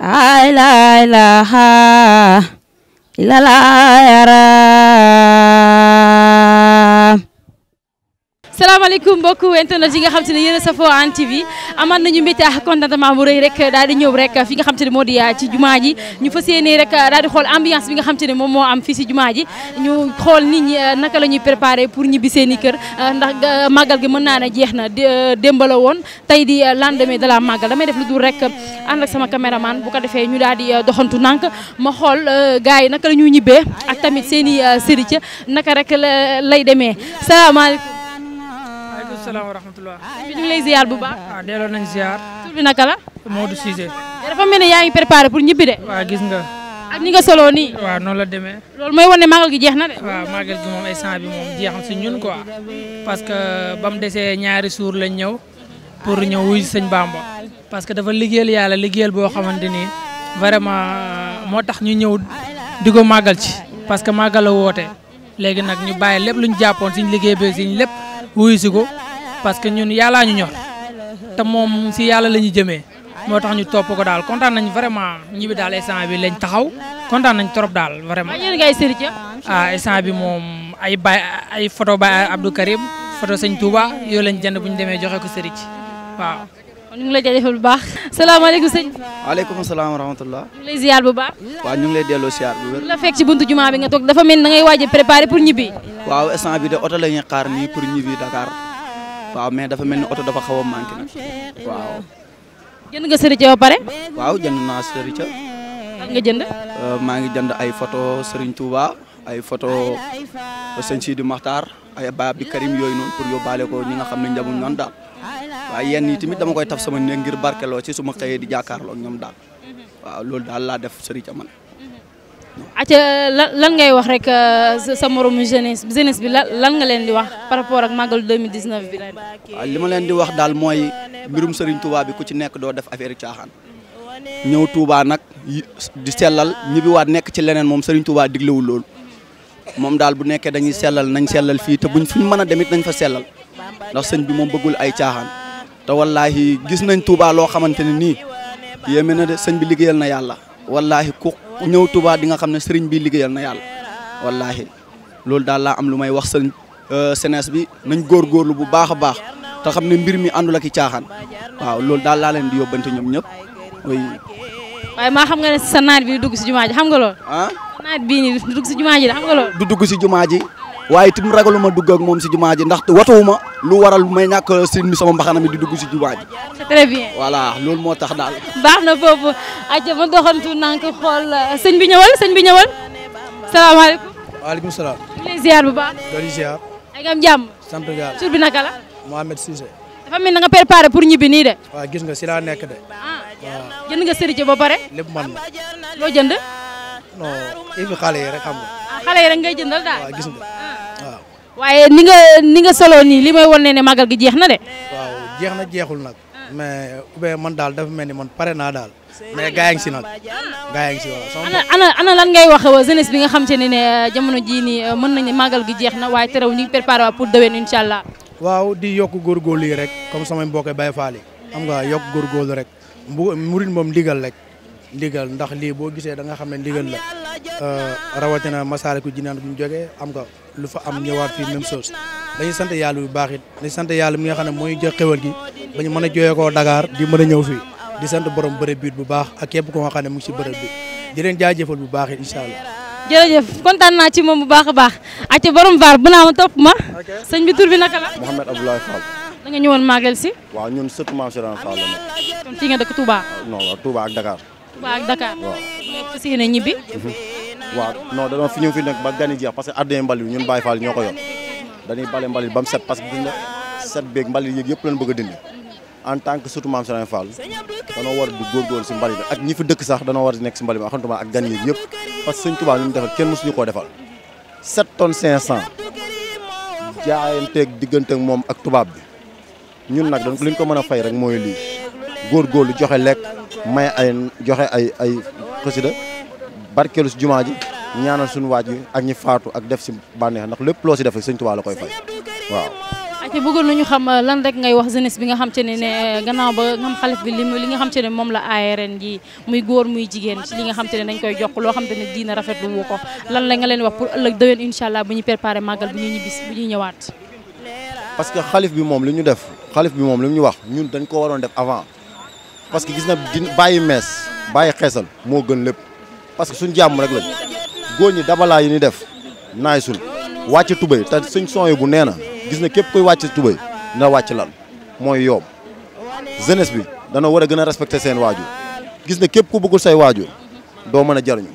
ay la ilaha illallah salaamaaleykum mbokk internet yi nga xam te ne yéen a safoo Hann TV amaat nañu mbégte ak contentement bu rëy rek daal di ñëw rek fi nga xam te ne moo di ah, ci jumaa ji ñu fas yéene rek ah, daal di xool ambiance bi nga xam te ne moom moo am fii si jumaa ji ñu xool ni ñi ah, naka la ñuy préparé pour ñibbi seen i kër ndax màggal gi mën naa ne jeex na démb la woon tey di lendemain de la màggal damay def lu dul rek ànd ak sama caméraman bu ko defee ñu daal di doxantu nànk ma xool gars yi naka la ñuy ak tamit seen i sëriñ naka rek lay demee salaamaaleykum waaleykum salaam wa rahmatulah. ñu lay ziar bu baax. waaw ah, delloo nañ ziar. tur bi naka la. Modou Cissé. dafa mel ni yaa ngi préparé pour ñibbi de. waaw gis nga. ak ni nga solo nii. waaw noonu la demee. loolu mooy wane magal gi jeex na de. waaw magal gi moom instant bi moom jeexam si ñun quoi. parce que ba mu desee ñaari suur lañ ñëw pour ñëw wuy sëñ Bamba. parce que dafa liggéeyal yàlla liggéeyal boo xamante vraiment euh, moo ñu ñëw di magal ci. parce que màggal la woote léegi nag ñu bàyyi lépp liggéey wuyu parce que ñun yàllaa ñu ñor te moom si yàlla la ñu jëmee moo tax ñu topp ko daal kontaan nañu vraiment ñibi daal instant bi lañ taxaw kontaan nañ trop daal vraiment. waaw yéen ngay sëri ca. Ah bi moom ay bay ay photo bay Abdou Karim photo sëñ Touba bu ñu demee joxe ko sëri ci waaw. ñu ngi lay jaajëfal bu baax. salaamaaleykum sëñ. waaleykum salaam wa rahmatulah. ñu ñu ngi lay delloo ziar bu wér. toog dafa mel da ngay waaj a préparé pour ñibbi. waaw instant bi de oto la ñuy xaar nii pour ñibbi Dakar. waaw mais dafa mel ni oto dafa xaw a manqué nag waaw. jënd nga sëriñ ca pare. waaw jënd naa sëriñ ca. lan jënd. Euh, maa ngi jënd ay photo sëriñ Touba ay photo sëñ Sidi Maxtaar ay Baab bi Karim yooyu noonu pour yóbbaale ko ñi nga xam ne njamuñ noonu daal waaye yenn yi tamit dama koy taf sama néeg ngir barkeloo ci suma xëyee di jàkkaarloo ak ñoom daal mhm. waaw loolu daal laa def sëriñ ca man. acca lan ngay wax rek euh, sa moromu jeunesse jeunesse bi lan nga leen di wax par rapport ak màggalu 2019 bi ren. Ah, waaw li ma leen di wax daal mooy mbirum Serigne Touba bi ku ci nekk doo def affaire caaxaan ñëw Touba nag di sellal ñibbiwaat nekk ci leneen moom Serigne Touba diglewul loolu moom daal bu nekkee dañuy sellal nañ sellal fii te buñ fuñ mën a demit nañ fa sellal ndax sëñ bi moom bëggul ay caaxaan te wallaahi gis nañ Touba loo xamante ne nii yéeme na de sëñ bi liggéeyal na yàlla wallaahi ku ñëw Touba di nga xam ne sëriñ bi liggéeyal na yàlla wallaahi loolu daal laa am lu may wax sëriñ euh, senes bi nañ góor góorgóorlu bu baax a baax te xam ne mbir mi àndul ak i caaxaan waaw loolu daal laa leen di yóbbante ñoom ñëpp oui. waaye maa xam nga ne sa naat bi dugg si jumaa ji xam nga lool. ah dugg si jumaa du dugg si jumaa ji. waye tim ragaluma dugg ak mom si jumaa ji ndax watuwuma lu waral may ñak seen mi sama mbaxana mi di dugg si jumaa ji très bien voilà lool moo tax daal baax na foofu ma doxantou nank xol euh, seen bi ñewal seen bi ñewal salam alaykum wa alaykum salam lay ziar bu baax do li ziar ay gam jam sante gal sur bi nakala mohammed Mohamed dafa mel nga préparer pour ñibi ni de wa gis nga si laa nekk de waaw ah, jënd nga sëriñ ba pare lepp man lo jënd non ibi xalé rek xam nga ah, xalé rek ngay jëndal daal wa gis nga waaye ni nga ni nga solo nii li may wan ne ne gi jeex na de. waaw jeex na jeexul nag. mais oubien man daal dafa mel ni man pare naa daal. mais gaa ngi si nag gaa ngi si wala. ana ana lan ngay wax euh, jeunesse bi nga xam te ne ne euh, jamono jii nii euh, mën nañu màggal gi jeex na waaye terew ñu ngi préparé pour déwén incha allah. waaw di yokk góorgóorlu yi rek comme samay mbokk Baye Fall yi xam nga yokk góorgóorlu rek mbu murit moom ndigal rek ndigal ndax lii boo gisee da nga xam ne ndigal la. Eh, rawatina Masaalikul jinan bu ñu jógee am nga lu fa am ñëwaat fi même chose dañu sante yalla yu baxit dañu sante yalla mi nga xamne moy jox xewal gi bañu mëna mën ko dagar di mëna a ñëw fii di sante borom bëre biit bu baax ak képp ko nga xamne mu ci si bërëb bi di leen jaajëfal bu baax inshallah incha kontan na ci mom bu baax baax ak ci borom vaar bu naa ma ma. señ bi tour bi naka la. mohammed Abdoulaye Fall. da nga ñëwoon Magal ci wa ñun sët Mame Cheikh Fall la nga dëkk Touba. non Touba ak Dakar. Touba ak Dakar. wa ci fas ñibi mhm waaw non dañoo fi ñu fi nak ba gani jeex parce que ardien mbali ñun Baye Fall ñoko ko dañuy balé mbali bam set parce que set beeg mbali yeek yëpp lañ bëgg dindi en tant que surtout mam Serigne Fall danoo war du gor góorgóorlu si mbalit ak ñi fi dëkk sax danoo war di nekk ci mbali bi xantuma ak gani yéeg yëpp parce que sëñ Touba ñu mu defal kenn mësuñu koo defal 7 tonnes 500 jaayante ak digënté ak mom ak tubab bi ñun nak dañ ko liñ ko mëna fay rek moy li gor gor lu joxe lek may ay joxe ay ay xasida barkelu ci jumaaji ñaanal suñu waaj ak ñi faatu ak def ci banex ndax lepp lo ci def rek sëñ la koy fay waaw ci bëggul ñu xam euh, lan rek ngay wax jeunesse bi nga xam ci ne euh, gannaaw ba ngam xalif bi limu li nga xam ci ne mom la ARN gi muy goor muy jigen ci li nga xam ci ne dañ koy jox lo xam te ne diina rafet lu ko lan la nga leen wax pour ëlëk déwén inshallah allah bu ñu préparer magal bu ñu ñibbis bu ñu ñëwaat parce que xalif bi mom li ñu def xalif bi mom li ñu wax ñun dañ ko waron def avant parce que gis na baye bàyyi baye bàyyi mo gën lepp parce que suñ jàmm rek lañ góor ñi dabalaa yi ni def naay sul wàcc tubay te suñ sony bu nee na gis na képp koy wàcc tubay na wàcc lan mooy yoom jeunesse bi dana war a gën a respecte seen waajur gis na képp ku bëggul say waajur doo mën a jariñu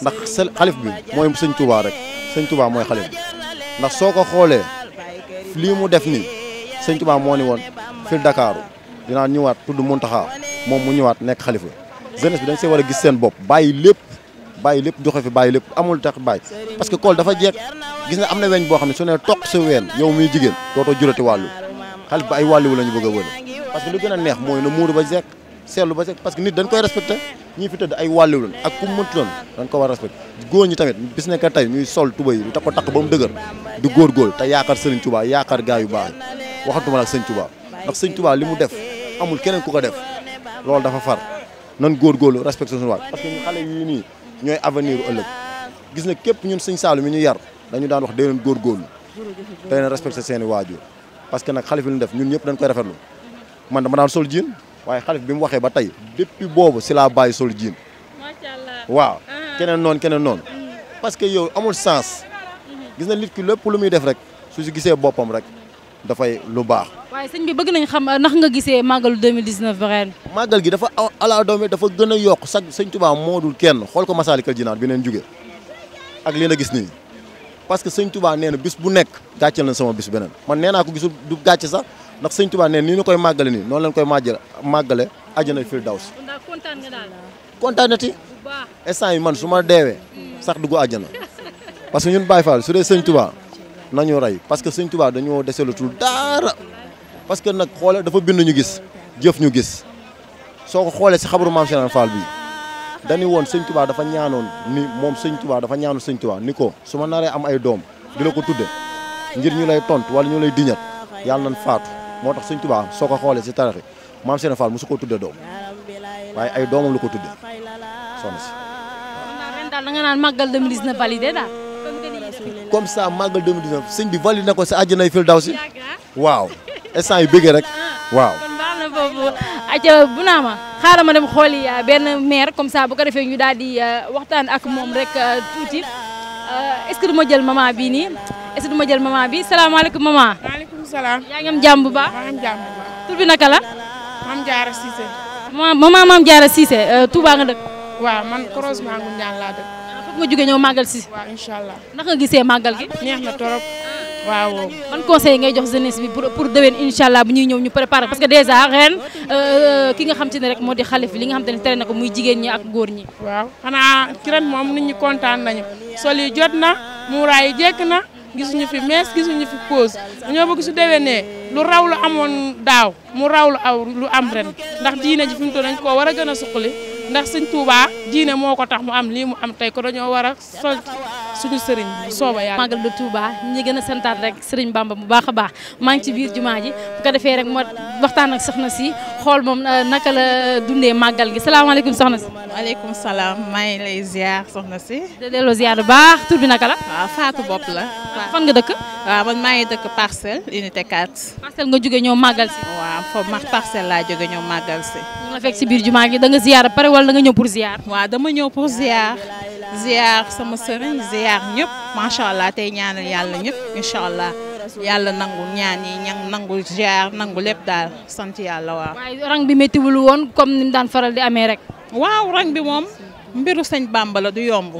ndax sa xalif bi mooy sëñ Touba rek sëñ Touba mooy xalif bi ndax soo ko xoolee lii mu def nii sëñ Touba moo ni woon fil Dakar dinaa ñëwaat tudd Muntaxa moom mu ñëwaat nekk xalifa jeunesse bi dañ see war a gis seen bopp bàyyi lépp bàyyi lépp joxe fi bàyyi lépp amul tax bàyyi parce que kool dafa jeeg gis nga am na weñ boo xam ne su ne toq sa ween yow muy jigéen dootoo jurati wàllu xale bi ay wàlluwu la ñu bëgg a wële parce que lu gën a neex mooy na muuru ba jekk seetlu ba jekk parce que nit dañ koy respecté ñii fi tëdd ay wàlluwu lañ ak ku mu mënti dañ ko war a góor ñi tamit bis nekk tey ñuy sol tuba yi lu tax ko takk ba mu dëgër di góor góor te yaakaar Sëriñ Tuubaa yaakaar gaa yu baax waxatuma la ak Sëriñ Tuubaa ndax Sëriñ Tuubaa li mu def amul keneen ku ko def loolu dafa far nan góorgóorlu respecté suñu waat parce que ñu xalé yii nii ñooy avenir ëllëg gis na képp ñun sëñ Saalum mi ñu yar dañu daan wax dee leen góorgóorlu tey na respecté seen i parce que nak xalif lu def ñun ñëpp dañ koy rafetlu man dama daan sol jiin waye xalif bi mu waxee ba tay depuis bobu si laa bàyyi sol jiin waaw ah. kenen non kenen non mm. parce que yow amul sens mm-hmm. gis na nit ki lepp lu muy def rek su ci gisee boppam rek da fay lu baax waaye sëñ bi bëgg nañ xam euh, ndax nga gise màggalu 2019 màggal gi dafa ala doome dafa gën a yokk sax sëñ Tuubaa moo dul kenn xool ko Masaalikal Jinaan bi neen jóge ak li na gis nii parce que sëñ Tuubaa nee na bis bu nekk gàcceel na sama bis beneen man nee naa ko gisul du gàcce sax ndax sëñ Tuubaa nee nii ñu koy màggale nii noonu leen koy màggale màggale àjjana fil daws kontaan nga yi man su ma deewee sax dugg àjjana parce que ñun Baay Faal su dee sëñ Tuubaa nañu rey parce que sëñ Tuubaa dañoo deselatul daara parce que nag xoole dafa bind ñu gis jëf ñu gis soo ko xoolee si xabaru maam Cheikh Fall bi dañu woon sëñ Tuubaa dafa ñaanoon moom sëñ Tuubaa dafa ñaanu sëñ Tuubaa ni ko su ma naree am ay doom di la ko tudde ngir ñu lay tontu wala ñu lay diñat yàlla nañ faatu moo tax sëñ Tuubaa soo ko xoolee si tarixi maam Cheikh Fall mosu ko tudde doom waaye ay doomam la ko tudde soxna si daal da nga naan màggal 2019 validé daal. comme ça màggal 2019 sëñ bi validé na ko sa si ah. waaw. instant yu bëggee rek waaw. kon baax na naa ma xaaral ma dem xooli ah, benn maire comme ça bu ko defee ñu daal di ah, waxtaan ak moom rek ah, tuuti est-ce du ma jël maman bii nii du ma jël maman bi salaamaaleykum maman. maaleykum salaam. yaa ngi am jàmm bu baax. maa ngi am la. Mame Diarra Cissé. maman Mame Diarra Cissé Touba nga dëkk. waaw man croisement Ngoundiane laa dëkk. nga jóge ñëw màggal si. waaw incha allah. gise nga gisee màggal gi. neex na torop. waaw man conseil ngay jox jeunesse bi pour pour déwén incha allah bu ñuy ñëw ñu préparer parce que déjà ren euh, ki nga xam te ne rek moo di xalif li nga xam te ne tere na ko muy jigéen ñi ak góor ñi. waaw xanaa ci ren moom nit ñi kontaan nañu sol jot na muuraay yi jekk na gisuñu fi mees gisuñu fi pause dañoo bëgg su déwénee lu raw lu amoon daaw mu raw lu aw lu am ren ndax diine ji fi mu toll dañ koo war a gën a suqali ndax sëñ Tuubaa diine moo ko tax mu am lii mu am tey ko dañoo war a suñu sëriñ bi sooba yaa magal de Touba ñi gëna santat rek sëriñ Bamba bu baaxa baax ma ngi ci biir jumaa ji bu ko defee rek mo waxtaan ak soxna si xol mom euh, naka la dundé magal gi salam salaamaaleykum soxna si waaleykum salam may lay ziar soxna si de delo ziar baax tour bi naka la wa Fatou bop la fan nga dëkk wa man ma ngi dëkk parcel unité 4 parcel nga joggé ñoo magal si wa fo ma parcel la joggé ñoo magal si ñu la fekk ci biir jumaa gi da nga ziar paré wala da nga ñëw pour ziar wa dama ñëw pour ziar ziar sama sëriñ ziar ñëpp macha allah tey ñaanal yàlla ñëpp incha allah yàlla nangu ñaan yi ñang nangu ziar nangu lépp daal sant yàlla waaw. rang bi méttiwul woon comme ni daan faral di amee rek. waaw rang bi moom mbiru sëñ bambala la du yomb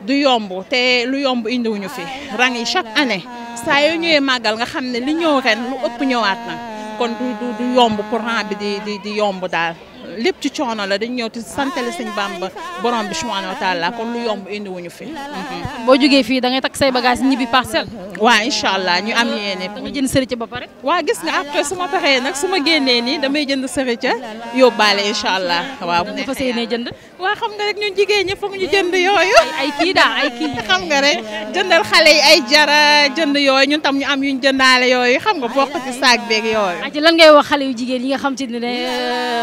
du yomb te lu yomb indiwuñu fi rang yi chaque année saa yoo ñëwee màggal nga xam ne li ñëw ren lu ëpp ñëwaat na kon du yomb pour rang bi di yomb daal. lépp ci coono la dañ ñëw ti santale baam Bamba borom bi subhanahu wa taala kon lu yomb indi wuñu fi mhm. boo jógee fii da ngay takk say bagage ñibbi parcelle waaw incha allah ñu am yéene da nga jënd sëricë ba pare waa gis nga après su ma fexee nag su ma génnee nii damay jënd ca yóbbaale incha allah waaw bu fa seenee jënd waa xam nga rek ñun jigéen ñi foog ñu jënd yooyu. ay kii daal ay kii xam nga rek jëndal xale ay jara jënd yooyu ñun tam ñu am yu yuñ jëndaale yooyu xam nga bokk ci saag beeg yooyu. aji lan ngay wax xale yu jigéen yi nga xam te ne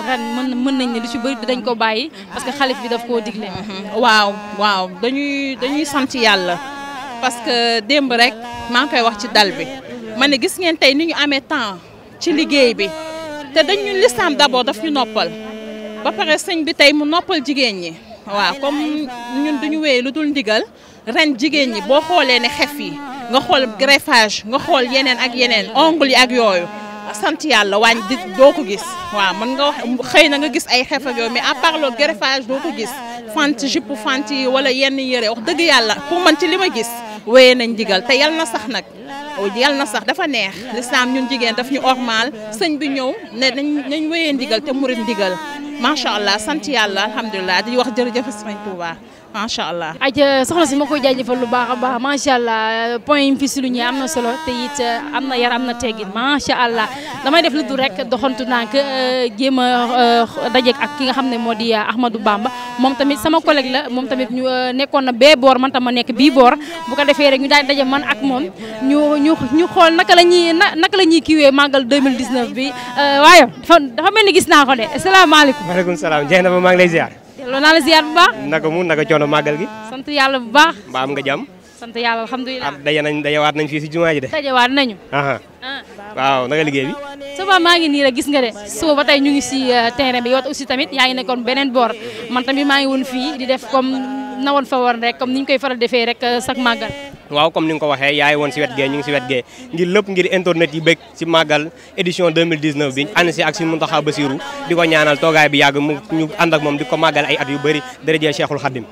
ren mën mën nañ ne lu ci bëri dañ ko bàyyi parce que xalif bi daf koo digle. Mhm. waaw waaw dañuy dañuy sant yàlla parce que démb rek maa ngi koy wax ci dal bi ma ne gis ngeen tey ni ñu amee temps ci liggéey bi te dañ ñu lislaam d'abord daf ñu noppal. ba pare sëñ bi tey mu noppal jigéen ñi waaw comme ñun duñu wéy lu dul ndigal ren jigéen ñi boo xoolee ne xef yi nga xool greffage nga xool yeneen ak yeneen ongle yi ak yooyu sant yàlla waañ di doo ko gis waaw mën nga wax xëy na nga gis ay xef ak yooyu mais à part le greffage doo ko gis fant jupe fant yi wala yenn yére wax dëgg yàlla pour man ci li ma gis wéyee nañ ndigal te yal na sax nag yal na sax dafa neex lislaam ñun jigéen daf ñu ormal sëñ bi ñëw ne nañ nañ wéyee ndigal te murit ndigal macha allah sant yàlla alhamdulilah di wax jërëjëf sëriñ Touba macha allah. aj soxna si ma koy jaajëfal lu baax a baax macha allah point yi mu fi souligné am na solo teyit euh, am na yaram am na teggin macha allah damay def lu dul rek doxantu ndànk euh, jéem a euh, dajeek ak ki nga xam ne moo di Ahmadou Bamba moom tamit sama collègue la moom tamit ñu nekkoon na bee boor man tam ma nekk bii boor bu ko defee rek ñu daal daje man ak moom ñu ñu ñu xool naka la ñuy naka la ñuy kiiwee màggal 2019 bi waaye dafa dafa mel ni gis naa ko de asalaamaaleykum. maaleykum salaam Dieynaba maa ngi lay ziar. loolu naa la ziar bu baax. naka mu naka coono màggal gi. jam. yàlla bu baax. mbaa am nga jàmm. sant yàlla alhamdulilah ah daje nañ dajewaat nañ fii si jumaa ji de. dajewaat nañu. Ah. waaw naka liggéey bi. suba maa ngi nii rek gis nga de suba ba ñu ngi si eh, terrain bi yow aussi tamit yaa ngi nekkoon beneen man tamit maa ngi di def comme na fa war rek comme niñ koy faral defé rek chaque euh, magal waaw comme niñ ko waxé yaay won ci wette ge ñing ci wette ge ngir lepp ngir internet yi bekk ci magal édition 2019 bi ane ci ak si muntaha basirou diko ñaanal togaay bi yag ñu and ak mom diko magal ay at yu bëri dërëjee Cheikhul Khadim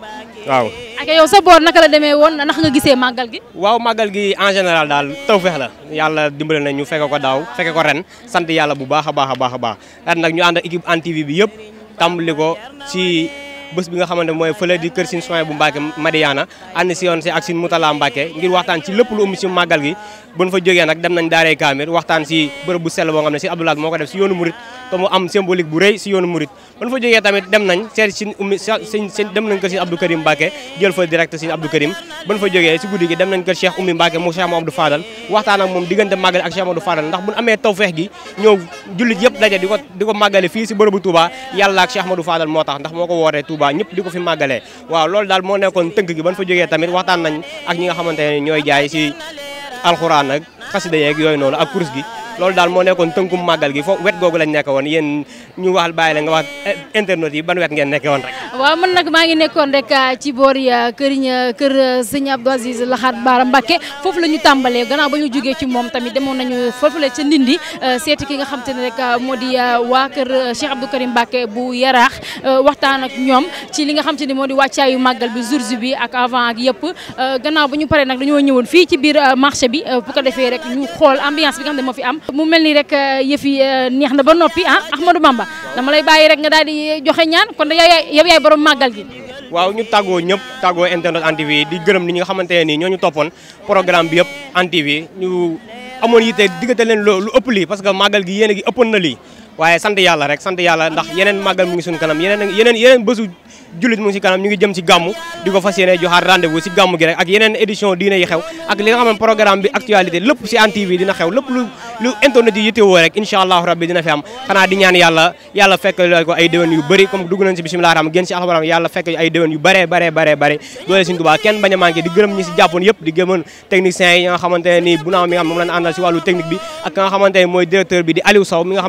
waaw ak yow sa bor naka la démé won nak nga gisé magal gi waaw magal gi en général dal tawfeex la yalla dimbalé na ñu fekk ko daw fekk ko ren sante yalla bu baaxa baaxa baaxa baax a ren nag ñu and ak équipe antv bi yépp tambaliko ci si bëss bi nga xamantene moy feulé di kër sin soin bu Mbacké Madiana and si yoon ci ak sin Moutala Mbacké ngir waxtaan si lepp lu um ci magal gi buñ fa joggé nak dem nañ daaree kaamir waxtaan si bërëb bu sel bo nga xamné si Abdoulaye moko def si yoonu Mourid to mu am symbolique bu reuy si yoonu murit buñ fa joggé tamit dem nañ seet sin ummi sin dem nañ kër sin Abdou Karim Mbacké jël fa direct sin Abdou Karim buñ fa joggé ci guddi gi dem nañ kër Cheikh Oumi Mbacké mo Cheikh Mamadou Fadal waxtaan ak mom digënté magal ak Cheikh Mamadou Fadal ndax buñ amé tawfex gi ñoo julit yépp dajé diko diko magalé fi ci fii bu Touba Yalla ak Cheikh Mamadou Fadal moo tax ndax moko woré Touba Touba ñëpp di ko fi màggalee waaw loolu daal moo nekkoon tënk gi ban fa jógee tamit waxtaan nañ ak ñi nga xamante ne ñooy jaay si alxuraan ak xasida yeeg yooyu noonu ak kurus gi loolu daal moo nekkoon tënkum màggal gi foofu wet googu lañ nekk woon yéen ñu waxal bàyyi la nga wax eh, internet yi ban wet ngeen nekk woon rek waaw man nag maa ngi nekkoon rek ah, ci boor ya ah, këriñ kër ah, sëñ Abdou Aziz Laxaat Baara Mbacke foofu la ñu tàmbalee ganaaw ba ñu jógee ci moom tamit demoon nañu foofu la ca Ndindi seeti ki nga xam te ne rek moo di waa kër Cheikh Abdou Karim Mbacke bu yaraax waxtaan ak ñoom ci li nga xam te ne moo di wàccaayu màggal bi jour bi ak avant ak yëpp gannaaw ba ñu paree nag dañoo ñëwoon fii ci biir marché bi bu ko defee rek ñu xool ambiance bi nga xam ne moo fi am mu mel ni rek eh, yëf yi eh, neex na ba noppi ah Ahmadou Bamba dama lay bàyyi rek nga daal di joxe ñaan kon da yaay yow yaay borom gi. waaw ñu tàggoo ñëpp tàggoo internet Hann TV di gërëm ni ñi nga xamante ne nii ñoo ñu toppoon programme bi yëpp Hann TV ñu amoon yitte diggante leen lu ëpp lii parce que màggal gi yéen gi ëppoon na lii waaye sant yàlla rek sant yàlla ndax yeneen màggal mu ngi suñu kanam yeneen yeneen yeneen bésu jullit mu si kanam di ko fas yéene joxaat rendez si gàmmu gi rek ak yeneen édition diine yi xew ak li programme bi actualité lépp si Hann TV dina xew lépp lu internet yi yittewoo rek incha rabbi dina fi am di ñaan yàlla yàlla ay déwén yu bëri comme dugg nañ si bisimilah rahma génn di gërëm ñi si jàppoon yëpp di gërëm techniciens yi nga xamante ne nii mi nga xam moom lañ àndal bi ak mooy directeur bi di Aliou Sow mi nga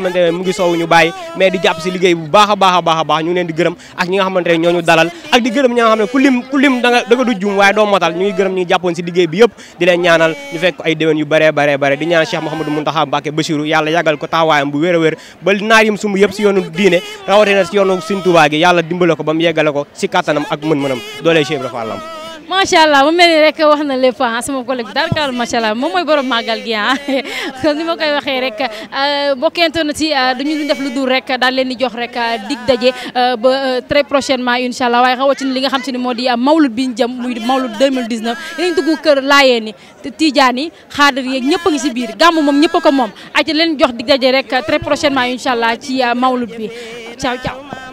tey ñooñu dalal ak di gërëm ñi nga xam ne ku lim ku lim da nga da nga du juum waaye doo motal ñu ngi gërëm ñi jàppoon si liggéey di leen ñaanal ñu fekk yu bare bare bare di ñaanal Cheikh Mouhamadou Mountakha Mbacké Bassirou yàlla yàggal ko taxawaayam bu wér a wér ba naar yim sumb yëpp si yoonu diine rawatina si yoonu Sëriñ Tuubaa gi yàlla dimbale ko ba mu yeggale ko si kattanam ak mën-mënam doolee macha allah mu mel rek wax na lépp ah sama collègue bi daal kaal macha allah moom mooy borom màggal gi ah kon ni koy waxee rek ah, bokkente na si ah, duñu lu def lu dul rek daal leen di jox rek ah, dig daje ba très prochainement incha allah waaye rawatina li nga xam si ne moo di mawlud bi ñu jëm muy mawlud 2019 dinañ dugg kër laayeen yi tijaan yi xaadar yeeg ñëpp ngi si biir gàmm moom ñëpp ko moom ayca leen jox dig daje rek très prochainement incha allah ci mawlud bi ciao ciao.